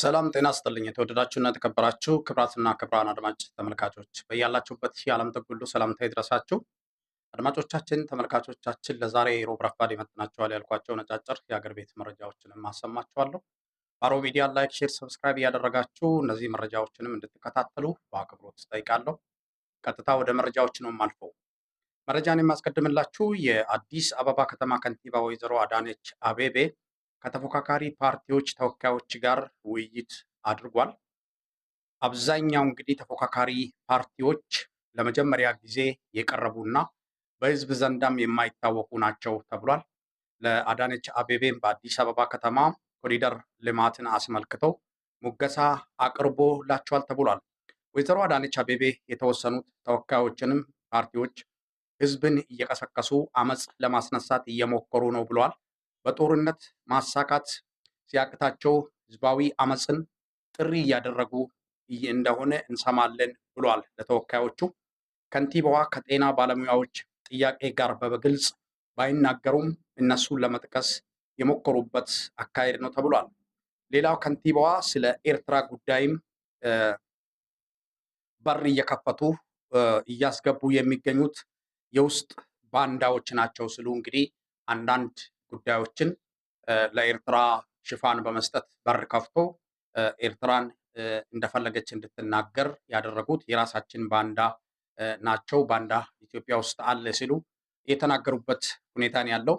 ሰላም ጤና ስጥልኝ። የተወደዳችሁና የተከበራችሁ ክብራትና ክብራን አድማጭ ተመልካቾች በያላችሁበት የዓለም ጥግ ሁሉ ሰላምታ ይድረሳችሁ። አድማጮቻችን፣ ተመልካቾቻችን ለዛሬ ሮብ ረፋድ ይመጥናችኋል ያልኳቸው ነጫጭር የአገር ቤት መረጃዎችንም አሰማችኋለሁ። ባሮ ሚዲያ ላይክ፣ ሼር፣ ሰብስክራይብ እያደረጋችሁ እነዚህ መረጃዎችንም እንድትከታተሉ በአክብሮት ጠይቃለሁ። ቀጥታ ወደ መረጃዎች ነው የማልፈው። መረጃን የማስቀድምላችሁ የአዲስ አበባ ከተማ ከንቲባ ወይዘሮ አዳነች አቤቤ ከተፎካካሪ ፓርቲዎች ተወካዮች ጋር ውይይት አድርጓል። አብዛኛው እንግዲህ ተፎካካሪ ፓርቲዎች ለመጀመሪያ ጊዜ የቀረቡና በህዝብ ዘንዳም የማይታወቁ ናቸው ተብሏል። ለአዳነች አቤቤም በአዲስ አበባ ከተማ ኮሪደር ልማትን አስመልክቶ ሙገሳ አቅርቦላቸዋል ተብሏል። ወይዘሮ አዳነች አቤቤ የተወሰኑት ተወካዮችንም ፓርቲዎች ህዝብን እየቀሰቀሱ አመፅ ለማስነሳት እየሞከሩ ነው ብለዋል። በጦርነት ማሳካት ሲያቅታቸው ህዝባዊ አመፅን ጥሪ እያደረጉ እንደሆነ እንሰማለን ብሏል። ለተወካዮቹ ከንቲባዋ ከጤና ባለሙያዎች ጥያቄ ጋር በግልጽ ባይናገሩም እነሱን ለመጥቀስ የሞከሩበት አካሄድ ነው ተብሏል። ሌላው ከንቲባዋ ስለ ኤርትራ ጉዳይም በር እየከፈቱ እያስገቡ የሚገኙት የውስጥ ባንዳዎች ናቸው ስሉ እንግዲህ አንዳንድ ጉዳዮችን ለኤርትራ ሽፋን በመስጠት በር ከፍቶ ኤርትራን እንደፈለገች እንድትናገር ያደረጉት የራሳችን ባንዳ ናቸው፣ ባንዳ ኢትዮጵያ ውስጥ አለ ሲሉ የተናገሩበት ሁኔታን ያለው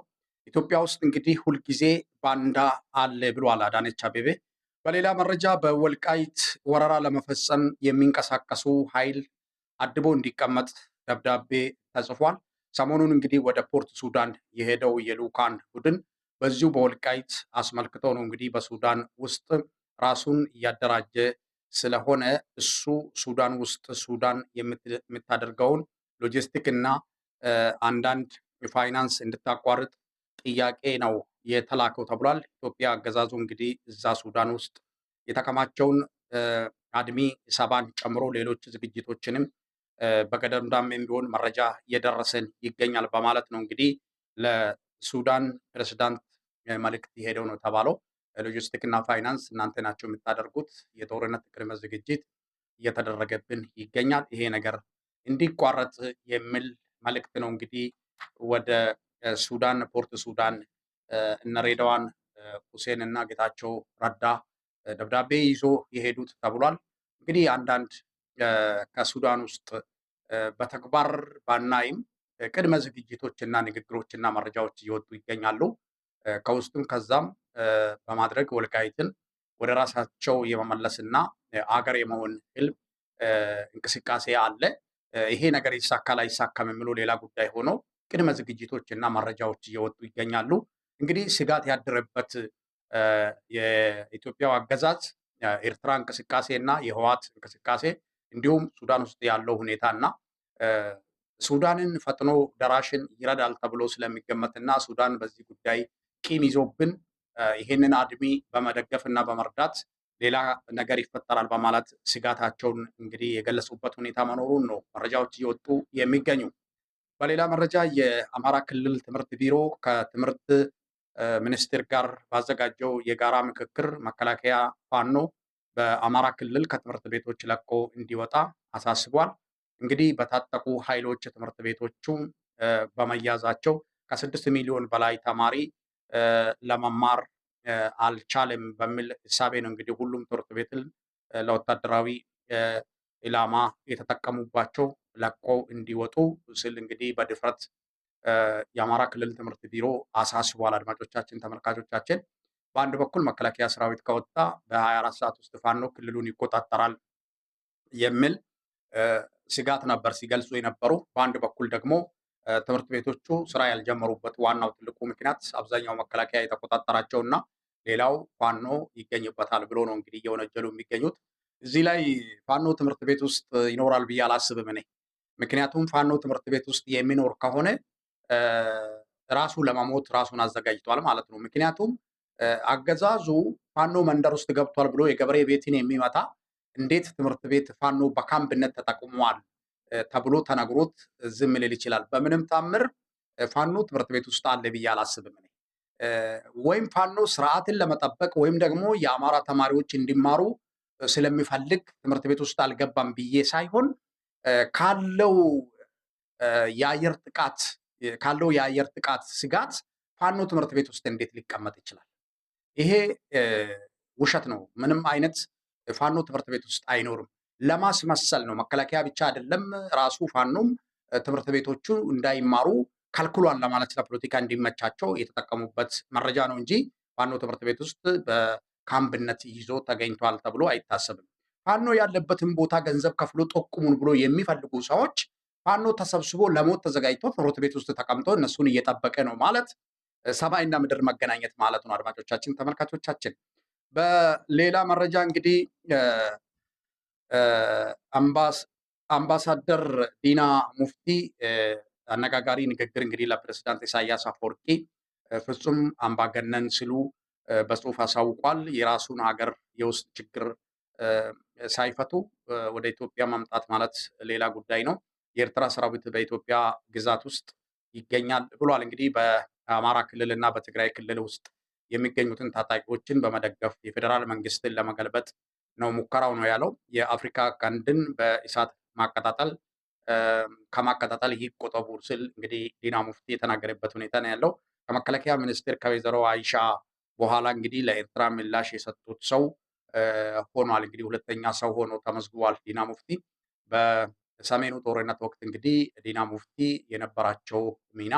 ኢትዮጵያ ውስጥ እንግዲህ ሁልጊዜ ባንዳ አለ ብሏል አዳነች አቤቤ። በሌላ መረጃ በወልቃይት ወረራ ለመፈጸም የሚንቀሳቀሱ ኃይል አድቦ እንዲቀመጥ ደብዳቤ ተጽፏል። ሰሞኑን እንግዲህ ወደ ፖርት ሱዳን የሄደው የልኡካን ቡድን በዚሁ በወልቃይት አስመልክቶ ነው እንግዲህ በሱዳን ውስጥ ራሱን እያደራጀ ስለሆነ እሱ ሱዳን ውስጥ ሱዳን የምታደርገውን ሎጂስቲክ እና አንዳንድ ፋይናንስ እንድታቋርጥ ጥያቄ ነው የተላከው ተብሏል። ኢትዮጵያ አገዛዙ እንግዲህ እዛ ሱዳን ውስጥ የተከማቸውን አድሚ ሰባን ጨምሮ ሌሎች ዝግጅቶችንም በገደምዳም ቢሆን መረጃ እየደረሰን ይገኛል በማለት ነው እንግዲህ ለሱዳን ፕሬዝዳንት መልእክት የሄደው ነው የተባለው። ሎጂስቲክ እና ፋይናንስ እናንተ ናቸው የምታደርጉት፣ የጦርነት ቅድመ ዝግጅት እየተደረገብን ይገኛል፣ ይሄ ነገር እንዲቋረጥ የሚል መልእክት ነው እንግዲህ ወደ ሱዳን ፖርት ሱዳን እነ ሁሴን እና ጌታቸው ረዳ ደብዳቤ ይዞ የሄዱት ተብሏል። እንግዲህ አንዳንድ ከሱዳን ውስጥ በተግባር ባናይም ቅድመ ዝግጅቶች እና ንግግሮች እና መረጃዎች እየወጡ ይገኛሉ። ከውስጡም ከዛም በማድረግ ወልቃይትን ወደ ራሳቸው የመመለስና አገር የመሆን ህልም እንቅስቃሴ አለ። ይሄ ነገር ይሳካ ላይሳካም የሚሉ ሌላ ጉዳይ ሆኖ ቅድመ ዝግጅቶች እና መረጃዎች እየወጡ ይገኛሉ። እንግዲህ ስጋት ያደረበት የኢትዮጵያው አገዛዝ ኤርትራ እንቅስቃሴ እና የህዋት እንቅስቃሴ እንዲሁም ሱዳን ውስጥ ያለው ሁኔታ እና ሱዳንን ፈጥኖ ደራሽን ይረዳል ተብሎ ስለሚገመትና ሱዳን በዚህ ጉዳይ ቂም ይዞብን ይህንን አድሚ በመደገፍ እና በመርዳት ሌላ ነገር ይፈጠራል በማለት ስጋታቸውን እንግዲህ የገለጹበት ሁኔታ መኖሩን ነው መረጃዎች እየወጡ የሚገኙ። በሌላ መረጃ የአማራ ክልል ትምህርት ቢሮ ከትምህርት ሚኒስቴር ጋር ባዘጋጀው የጋራ ምክክር መከላከያ ፋኖ በአማራ ክልል ከትምህርት ቤቶች ለቆ እንዲወጣ አሳስቧል። እንግዲህ በታጠቁ ኃይሎች ትምህርት ቤቶቹ በመያዛቸው ከስድስት ሚሊዮን በላይ ተማሪ ለመማር አልቻለም በሚል እሳቤ ነው እንግዲህ ሁሉም ትምህርት ቤትን ለወታደራዊ ኢላማ የተጠቀሙባቸው ለቀው እንዲወጡ ስል እንግዲህ በድፍረት የአማራ ክልል ትምህርት ቢሮ አሳስቧል። አድማጮቻችን፣ ተመልካቾቻችን በአንድ በኩል መከላከያ ሰራዊት ከወጣ በ24 ሰዓት ውስጥ ፋኖ ክልሉን ይቆጣጠራል የሚል ስጋት ነበር ሲገልጹ የነበሩ። በአንድ በኩል ደግሞ ትምህርት ቤቶቹ ስራ ያልጀመሩበት ዋናው ትልቁ ምክንያት አብዛኛው መከላከያ የተቆጣጠራቸው እና ሌላው ፋኖ ይገኝበታል ብሎ ነው እንግዲህ እየወነጀሉ የሚገኙት። እዚህ ላይ ፋኖ ትምህርት ቤት ውስጥ ይኖራል ብዬ አላስብም እኔ። ምክንያቱም ፋኖ ትምህርት ቤት ውስጥ የሚኖር ከሆነ ራሱ ለመሞት ራሱን አዘጋጅቷል ማለት ነው። ምክንያቱም አገዛዙ ፋኖ መንደር ውስጥ ገብቷል ብሎ የገበሬ ቤትን የሚመታ እንዴት ትምህርት ቤት ፋኖ በካምፕነት ተጠቁመዋል ተብሎ ተነግሮት ዝም ሊል ይችላል? በምንም ታምር ፋኖ ትምህርት ቤት ውስጥ አለ ብዬ አላስብም። ወይም ፋኖ ስርዓትን ለመጠበቅ ወይም ደግሞ የአማራ ተማሪዎች እንዲማሩ ስለሚፈልግ ትምህርት ቤት ውስጥ አልገባም ብዬ ሳይሆን ካለው የአየር ጥቃት ካለው የአየር ጥቃት ስጋት ፋኖ ትምህርት ቤት ውስጥ እንዴት ሊቀመጥ ይችላል? ይሄ ውሸት ነው። ምንም አይነት ፋኖ ትምህርት ቤት ውስጥ አይኖርም። ለማስመሰል ነው። መከላከያ ብቻ አይደለም፣ ራሱ ፋኖም ትምህርት ቤቶቹ እንዳይማሩ ከልክሏን ለማለት ለፖለቲካ እንዲመቻቸው የተጠቀሙበት መረጃ ነው እንጂ ፋኖ ትምህርት ቤት ውስጥ በካምብነት ይዞ ተገኝቷል ተብሎ አይታሰብም። ፋኖ ያለበትን ቦታ ገንዘብ ከፍሎ ጠቁሙን ብሎ የሚፈልጉ ሰዎች ፋኖ ተሰብስቦ ለሞት ተዘጋጅቶ ትምህርት ቤት ውስጥ ተቀምጦ እነሱን እየጠበቀ ነው ማለት ሰማይና ምድር መገናኘት ማለት ነው። አድማጮቻችን፣ ተመልካቾቻችን በሌላ መረጃ እንግዲህ አምባሳደር ዲና ሙፍቲ አነጋጋሪ ንግግር እንግዲህ ለፕሬዝዳንት ኢሳያስ አፈወርቂ ፍጹም አምባገነን ሲሉ በጽሁፍ አሳውቋል። የራሱን ሀገር የውስጥ ችግር ሳይፈቱ ወደ ኢትዮጵያ ማምጣት ማለት ሌላ ጉዳይ ነው። የኤርትራ ሰራዊት በኢትዮጵያ ግዛት ውስጥ ይገኛል ብሏል። እንግዲህ በአማራ ክልል እና በትግራይ ክልል ውስጥ የሚገኙትን ታጣቂዎችን በመደገፍ የፌዴራል መንግስትን ለመገልበጥ ነው ሙከራው ነው ያለው። የአፍሪካ ቀንድን በእሳት ማቀጣጠል ከማቀጣጠል ይቆጠቡ ስል እንግዲህ ዲና ሙፍቲ የተናገረበት ሁኔታ ነው ያለው። ከመከላከያ ሚኒስቴር ከወይዘሮ አይሻ በኋላ እንግዲህ ለኤርትራ ምላሽ የሰጡት ሰው ሆኗል። እንግዲህ ሁለተኛ ሰው ሆኖ ተመዝግቧል። ዲና ሙፍቲ በሰሜኑ ጦርነት ወቅት እንግዲህ ዲና ሙፍቲ የነበራቸው ሚና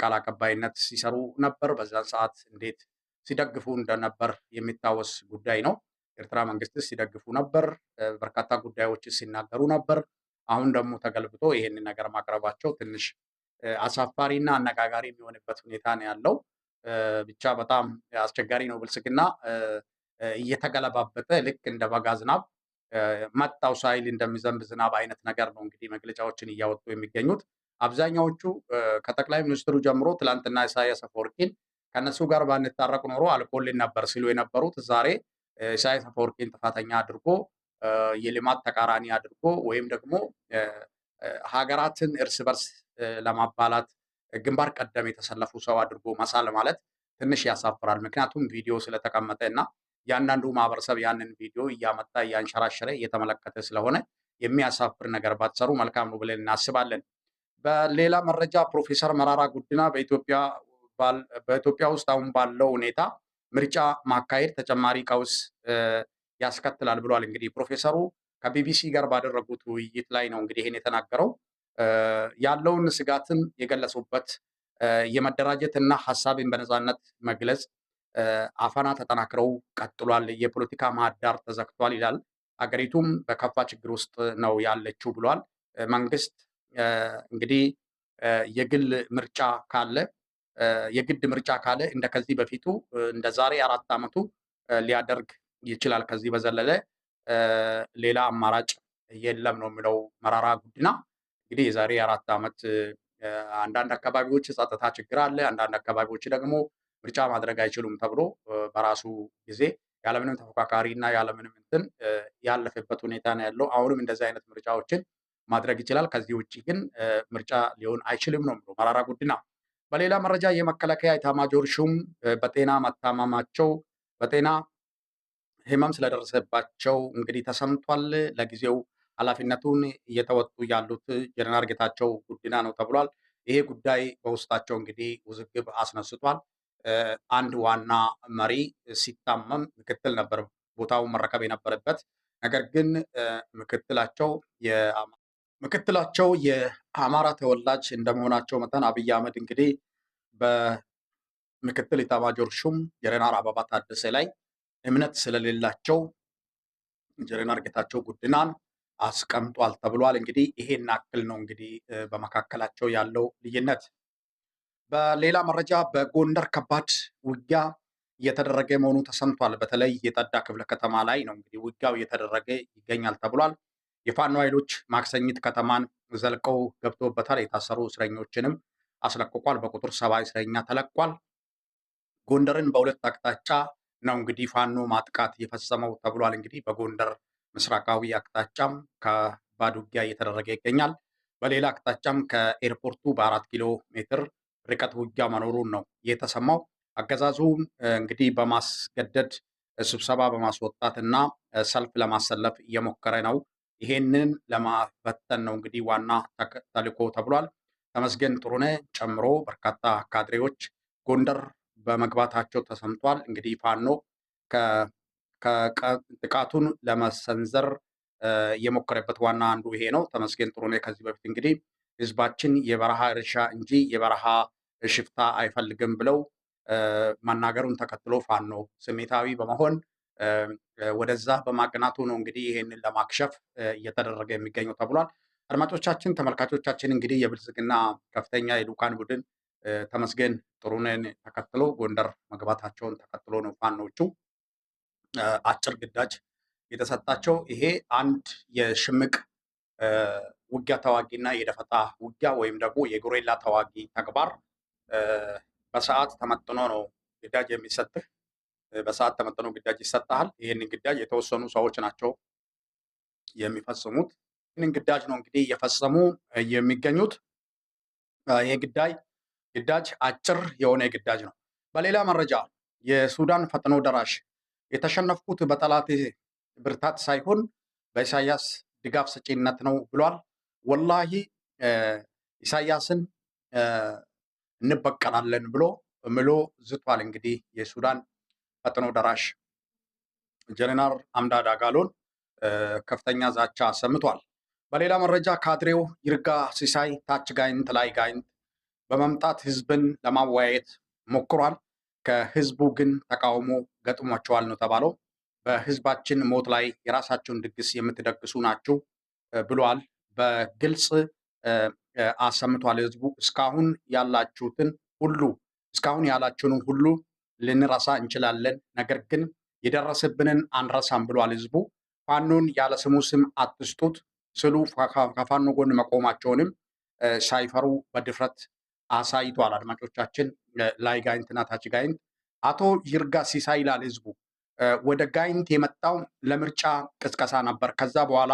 ቃል አቀባይነት ሲሰሩ ነበር። በዛን ሰዓት እንዴት ሲደግፉ እንደነበር የሚታወስ ጉዳይ ነው። ኤርትራ መንግስትስ ሲደግፉ ነበር፣ በርካታ ጉዳዮች ሲናገሩ ነበር። አሁን ደግሞ ተገልብጦ ይህንን ነገር ማቅረባቸው ትንሽ አሳፋሪና አነጋጋሪ የሚሆንበት ሁኔታ ነው ያለው። ብቻ በጣም አስቸጋሪ ነው። ብልጽግና እየተገለባበጠ ልክ እንደ በጋ ዝናብ መጣው ሳይል እንደሚዘንብ ዝናብ አይነት ነገር ነው እንግዲህ መግለጫዎችን እያወጡ የሚገኙት አብዛኛዎቹ ከጠቅላይ ሚኒስትሩ ጀምሮ ትላንትና ኢሳያስ አፈወርቂን ከነሱ ጋር ባንታረቅ ኖሮ አልፎልን ነበር ሲሉ የነበሩት ዛሬ ኢሳያስ አፈወርቂን ጥፋተኛ አድርጎ የልማት ተቃራኒ አድርጎ ወይም ደግሞ ሀገራትን እርስ በርስ ለማባላት ግንባር ቀደም የተሰለፉ ሰው አድርጎ መሳል ማለት ትንሽ ያሳፍራል። ምክንያቱም ቪዲዮ ስለተቀመጠ እና ያንዳንዱ ማህበረሰብ ያንን ቪዲዮ እያመጣ እያንሸራሸረ እየተመለከተ ስለሆነ የሚያሳፍር ነገር ባትሰሩ መልካም ነው ብለን እናስባለን። በሌላ መረጃ ፕሮፌሰር መራራ ጉዲና በኢትዮጵያ በኢትዮጵያ ውስጥ አሁን ባለው ሁኔታ ምርጫ ማካሄድ ተጨማሪ ቀውስ ያስከትላል ብሏል። እንግዲህ ፕሮፌሰሩ ከቢቢሲ ጋር ባደረጉት ውይይት ላይ ነው እንግዲህ ይህን የተናገረው ያለውን ስጋትን የገለጹበት የመደራጀት እና ሀሳብን በነፃነት መግለጽ አፈና ተጠናክረው ቀጥሏል፣ የፖለቲካ ምህዳር ተዘግቷል ይላል። አገሪቱም በከፋ ችግር ውስጥ ነው ያለችው ብሏል። መንግስት እንግዲህ የግል ምርጫ ካለ የግድ ምርጫ ካለ እንደ ከዚህ በፊቱ እንደ ዛሬ አራት ዓመቱ ሊያደርግ ይችላል። ከዚህ በዘለለ ሌላ አማራጭ የለም ነው የሚለው መራራ ጉዲና። እንግዲህ የዛሬ አራት ዓመት አንዳንድ አካባቢዎች ጸጥታ ችግር አለ፣ አንዳንድ አካባቢዎች ደግሞ ምርጫ ማድረግ አይችሉም ተብሎ በራሱ ጊዜ ያለምንም ተፎካካሪ እና ያለምንም እንትን ያለፈበት ሁኔታ ነው ያለው። አሁንም እንደዚህ አይነት ምርጫዎችን ማድረግ ይችላል። ከዚህ ውጭ ግን ምርጫ ሊሆን አይችልም ነው የሚለው መራራ ጉዲና። በሌላ መረጃ የመከላከያ ኤታማዦር ሹም በጤና መታመማቸው በጤና ህመም ስለደረሰባቸው እንግዲህ ተሰምቷል። ለጊዜው ኃላፊነቱን እየተወጡ ያሉት ጀነራል ጌታቸው ጉዲና ነው ተብሏል። ይሄ ጉዳይ በውስጣቸው እንግዲህ ውዝግብ አስነስቷል። አንድ ዋና መሪ ሲታመም ምክትል ነበር ቦታው መረከብ የነበረበት ነገር ግን ምክትላቸው ምክትላቸው የአማራ ተወላጅ እንደመሆናቸው መጠን አብይ አህመድ እንግዲህ በምክትል ኢታማጆር ሹም ጀነራል አበባ ታደሰ ላይ እምነት ስለሌላቸው ጀነራል ጌታቸው ጉድናን አስቀምጧል ተብሏል። እንግዲህ ይሄን አክል ነው እንግዲህ በመካከላቸው ያለው ልዩነት። በሌላ መረጃ በጎንደር ከባድ ውጊያ እየተደረገ መሆኑ ተሰምቷል። በተለይ የጠዳ ክፍለ ከተማ ላይ ነው እንግዲህ ውጊያው እየተደረገ ይገኛል ተብሏል። የፋኖ ኃይሎች ማክሰኝት ከተማን ዘልቀው ገብቶበታል የታሰሩ እስረኞችንም አስለቅቋል። በቁጥር ሰባ እስረኛ ተለቋል። ጎንደርን በሁለት አቅጣጫ ነው እንግዲህ ፋኖ ማጥቃት የፈጸመው ተብሏል። እንግዲህ በጎንደር ምስራቃዊ አቅጣጫም ከባድ ውጊያ እየተደረገ ይገኛል። በሌላ አቅጣጫም ከኤርፖርቱ በአራት ኪሎ ሜትር ርቀት ውጊያ መኖሩን ነው የተሰማው። አገዛዙ እንግዲህ በማስገደድ ስብሰባ በማስወጣት እና ሰልፍ ለማሰለፍ እየሞከረ ነው። ይሄንን ለማፈተን ነው እንግዲህ ዋና ተልዕኮ ተብሏል። ተመስገን ጥሩነ ጨምሮ በርካታ ካድሬዎች ጎንደር በመግባታቸው ተሰምቷል። እንግዲህ ፋኖ ጥቃቱን ለመሰንዘር የሞከረበት ዋና አንዱ ይሄ ነው። ተመስገን ጥሩነ ከዚህ በፊት እንግዲህ ህዝባችን የበረሃ እርሻ እንጂ የበረሃ ሽፍታ አይፈልግም ብለው መናገሩን ተከትሎ ፋኖ ስሜታዊ በመሆን ወደዛ በማቅናቱ ነው እንግዲህ ይህንን ለማክሸፍ እየተደረገ የሚገኘው ተብሏል። አድማጮቻችን፣ ተመልካቾቻችን እንግዲህ የብልጽግና ከፍተኛ የልኡካን ቡድን ተመስገን ጥሩነህን ተከትሎ ጎንደር መግባታቸውን ተከትሎ ነው ፋኖቹ አጭር ግዳጅ የተሰጣቸው። ይሄ አንድ የሽምቅ ውጊያ ተዋጊና የደፈጣ ውጊያ ወይም ደግሞ የጉሬላ ተዋጊ ተግባር በሰዓት ተመጥኖ ነው ግዳጅ የሚሰጥህ። በሰዓት ተመጥኖ ግዳጅ ይሰጣል። ይህንን ግዳጅ የተወሰኑ ሰዎች ናቸው የሚፈጽሙት። ይህንን ግዳጅ ነው እንግዲህ እየፈጸሙ የሚገኙት። ይህ ግዳይ ግዳጅ አጭር የሆነ ግዳጅ ነው። በሌላ መረጃ የሱዳን ፈጥኖ ደራሽ የተሸነፍኩት በጠላት ብርታት ሳይሆን በኢሳያስ ድጋፍ ሰጪነት ነው ብሏል። ወላሂ ኢሳያስን እንበቀላለን ብሎ ምሎ ዝቷል። እንግዲህ የሱዳን ፈጥኖ ደራሽ ጀኔራል አምዳዳ ጋሎን ከፍተኛ ዛቻ ሰምቷል። በሌላ መረጃ ካድሬው ይርጋ ሲሳይ ታች ጋይንት ላይ ጋይንት በመምጣት ህዝብን ለማወያየት ሞክሯል። ከህዝቡ ግን ተቃውሞ ገጥሟቸዋል ነው ተባለው። በህዝባችን ሞት ላይ የራሳቸውን ድግስ የምትደግሱ ናችሁ ብሏል። በግልጽ አሰምቷል። ህዝቡ እስካሁን ያላችሁትን ሁሉ እስካሁን ያላችሁንም ሁሉ ልንረሳ እንችላለን፣ ነገር ግን የደረሰብንን አንረሳም ብሏል ህዝቡ። ፋኖን ያለ ስሙ ስም አትስጡት ስሉ ከፋኖ ጎን መቆማቸውንም ሳይፈሩ በድፍረት አሳይቷል። አድማጮቻችን ላይ ጋይንትና ታች ጋይንት አቶ ይርጋ ሲሳ ይላል ህዝቡ ወደ ጋይንት የመጣው ለምርጫ ቅስቀሳ ነበር። ከዛ በኋላ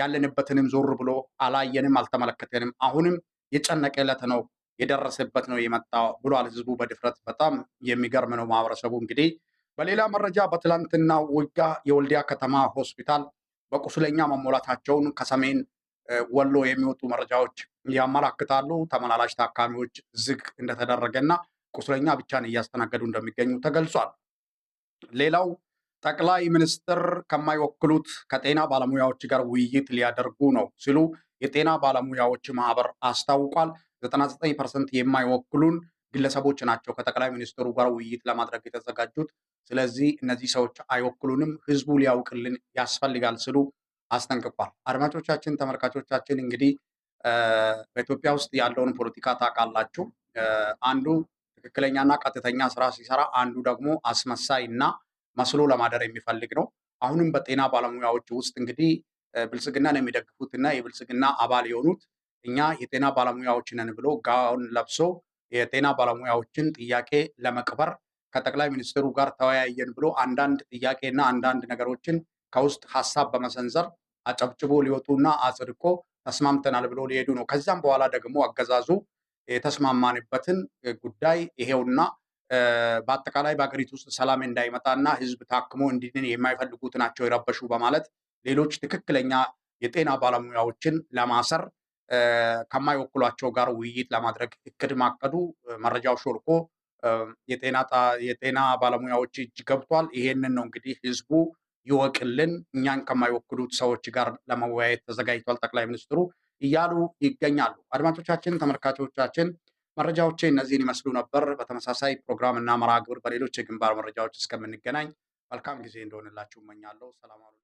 ያለንበትንም ዞር ብሎ አላየንም፣ አልተመለከተንም። አሁንም የጨነቀ ዕለት ነው የደረሰበት ነው የመጣው ብሏል። ህዝቡ በድፍረት በጣም የሚገርም ነው። ማህበረሰቡ እንግዲህ በሌላ መረጃ በትላንትና ውጊያ የወልዲያ ከተማ ሆስፒታል በቁስለኛ መሞላታቸውን ከሰሜን ወሎ የሚወጡ መረጃዎች ያመላክታሉ። ተመላላሽ ታካሚዎች ዝግ እንደተደረገና ቁስለኛ ብቻን እያስተናገዱ እንደሚገኙ ተገልጿል። ሌላው ጠቅላይ ሚኒስትር ከማይወክሉት ከጤና ባለሙያዎች ጋር ውይይት ሊያደርጉ ነው ሲሉ የጤና ባለሙያዎች ማህበር አስታውቋል። 99 ፐርሰንት የማይወክሉን ግለሰቦች ናቸው ከጠቅላይ ሚኒስትሩ ጋር ውይይት ለማድረግ የተዘጋጁት። ስለዚህ እነዚህ ሰዎች አይወክሉንም፣ ህዝቡ ሊያውቅልን ያስፈልጋል ስሉ አስጠንቅቋል። አድማጮቻችን፣ ተመልካቾቻችን እንግዲህ በኢትዮጵያ ውስጥ ያለውን ፖለቲካ ታውቃላችሁ። አንዱ ትክክለኛና ቀጥተኛ ስራ ሲሰራ፣ አንዱ ደግሞ አስመሳይ እና መስሎ ለማደር የሚፈልግ ነው። አሁንም በጤና ባለሙያዎች ውስጥ እንግዲህ ብልጽግናን እና የብልጽግና አባል የሆኑት እኛ የጤና ባለሙያዎች ብሎ ጋውን ለብሶ የጤና ባለሙያዎችን ጥያቄ ለመቅበር ከጠቅላይ ሚኒስትሩ ጋር ተወያየን ብሎ አንዳንድ ጥያቄና አንዳንድ ነገሮችን ከውስጥ ሀሳብ በመሰንዘር አጨብጭቦ ሊወጡና አጽድቆ ተስማምተናል ብሎ ሊሄዱ ነው። ከዚያም በኋላ ደግሞ አገዛዙ የተስማማንበትን ጉዳይ ይሄውና በአጠቃላይ በሀገሪቱ ውስጥ ሰላም እንዳይመጣና ህዝብ ታክሞ እንዲድን የማይፈልጉት ናቸው የረበሹ በማለት ሌሎች ትክክለኛ የጤና ባለሙያዎችን ለማሰር ከማይወክሏቸው ጋር ውይይት ለማድረግ እቅድ ማቀዱ መረጃው ሾልኮ የጤና ባለሙያዎች እጅ ገብቷል። ይሄንን ነው እንግዲህ ህዝቡ ይወቅልን፣ እኛን ከማይወክሉት ሰዎች ጋር ለመወያየት ተዘጋጅቷል ጠቅላይ ሚኒስትሩ እያሉ ይገኛሉ። አድማጮቻችን፣ ተመልካቾቻችን መረጃዎች እነዚህን ይመስሉ ነበር። በተመሳሳይ ፕሮግራም እና መርሃ ግብር በሌሎች የግንባር መረጃዎች እስከምንገናኝ መልካም ጊዜ እንደሆንላችሁ እመኛለሁ። ሰላም አሉ።